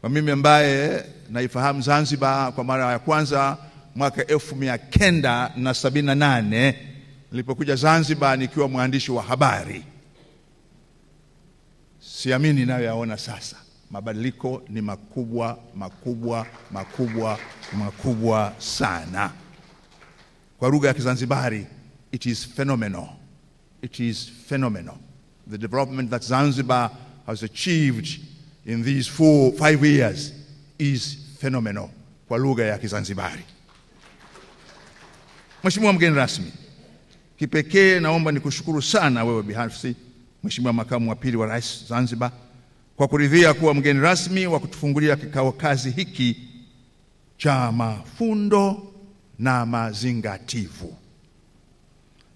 Kwa mimi ambaye naifahamu Zanzibar kwa mara ya kwanza mwaka elfu mia kenda na sabini na nane nilipokuja Zanzibar nikiwa mwandishi wa habari. Siamini nayoyaona sasa. Mabadiliko ni makubwa makubwa makubwa makubwa sana. Kwa lugha ya Kizanzibari, it is phenomenal, it is phenomenal the development that Zanzibar has achieved in these four, five years is phenomenal kwa lugha ya Kizanzibari. Mheshimiwa mgeni rasmi, kipekee naomba nikushukuru sana wewe binafsi Mheshimiwa makamu wa pili wa rais Zanzibar kwa kuridhia kuwa mgeni rasmi wa kutufungulia kikao kazi hiki cha mafundo na mazingativu.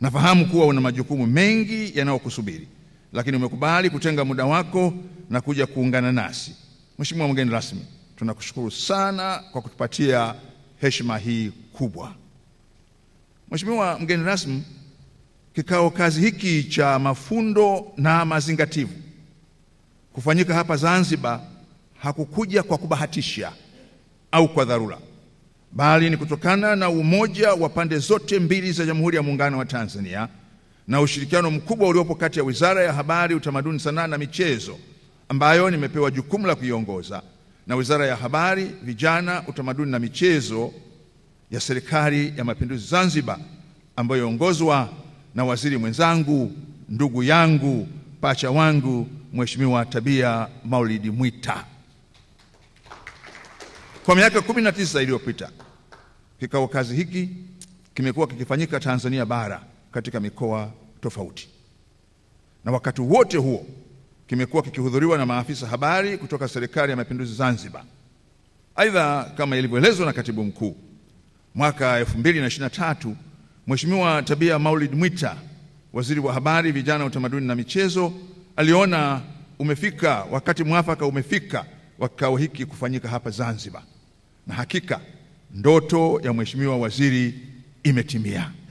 Nafahamu kuwa una majukumu mengi yanayokusubiri lakini umekubali kutenga muda wako na kuja kuungana nasi. Mheshimiwa mgeni rasmi, tunakushukuru sana kwa kutupatia heshima hii kubwa. Mheshimiwa mgeni rasmi, kikao kazi hiki cha mafundo na mazingativu kufanyika hapa Zanzibar hakukuja kwa kubahatisha au kwa dharura, bali ni kutokana na umoja wa pande zote mbili za Jamhuri ya Muungano wa Tanzania na ushirikiano mkubwa uliopo kati ya Wizara ya Habari, Utamaduni, Sanaa na Michezo ambayo nimepewa jukumu la kuiongoza na Wizara ya Habari, Vijana, Utamaduni na Michezo ya Serikali ya Mapinduzi Zanzibar ambayo iongozwa na waziri mwenzangu, ndugu yangu, pacha wangu, Mheshimiwa Tabia Maulidi Mwita. Kwa miaka 19 iliyopita kikao kazi hiki kimekuwa kikifanyika Tanzania bara katika mikoa tofauti, na wakati wote huo kimekuwa kikihudhuriwa na maafisa habari kutoka Serikali ya Mapinduzi Zanzibar. Aidha, kama ilivyoelezwa na katibu mkuu, mwaka 2023 Mheshimiwa Tabia Maulid Mwita, waziri wa habari, vijana, utamaduni na michezo, aliona umefika wakati mwafaka, umefika wa kikao hiki kufanyika hapa Zanzibar, na hakika ndoto ya mheshimiwa waziri imetimia.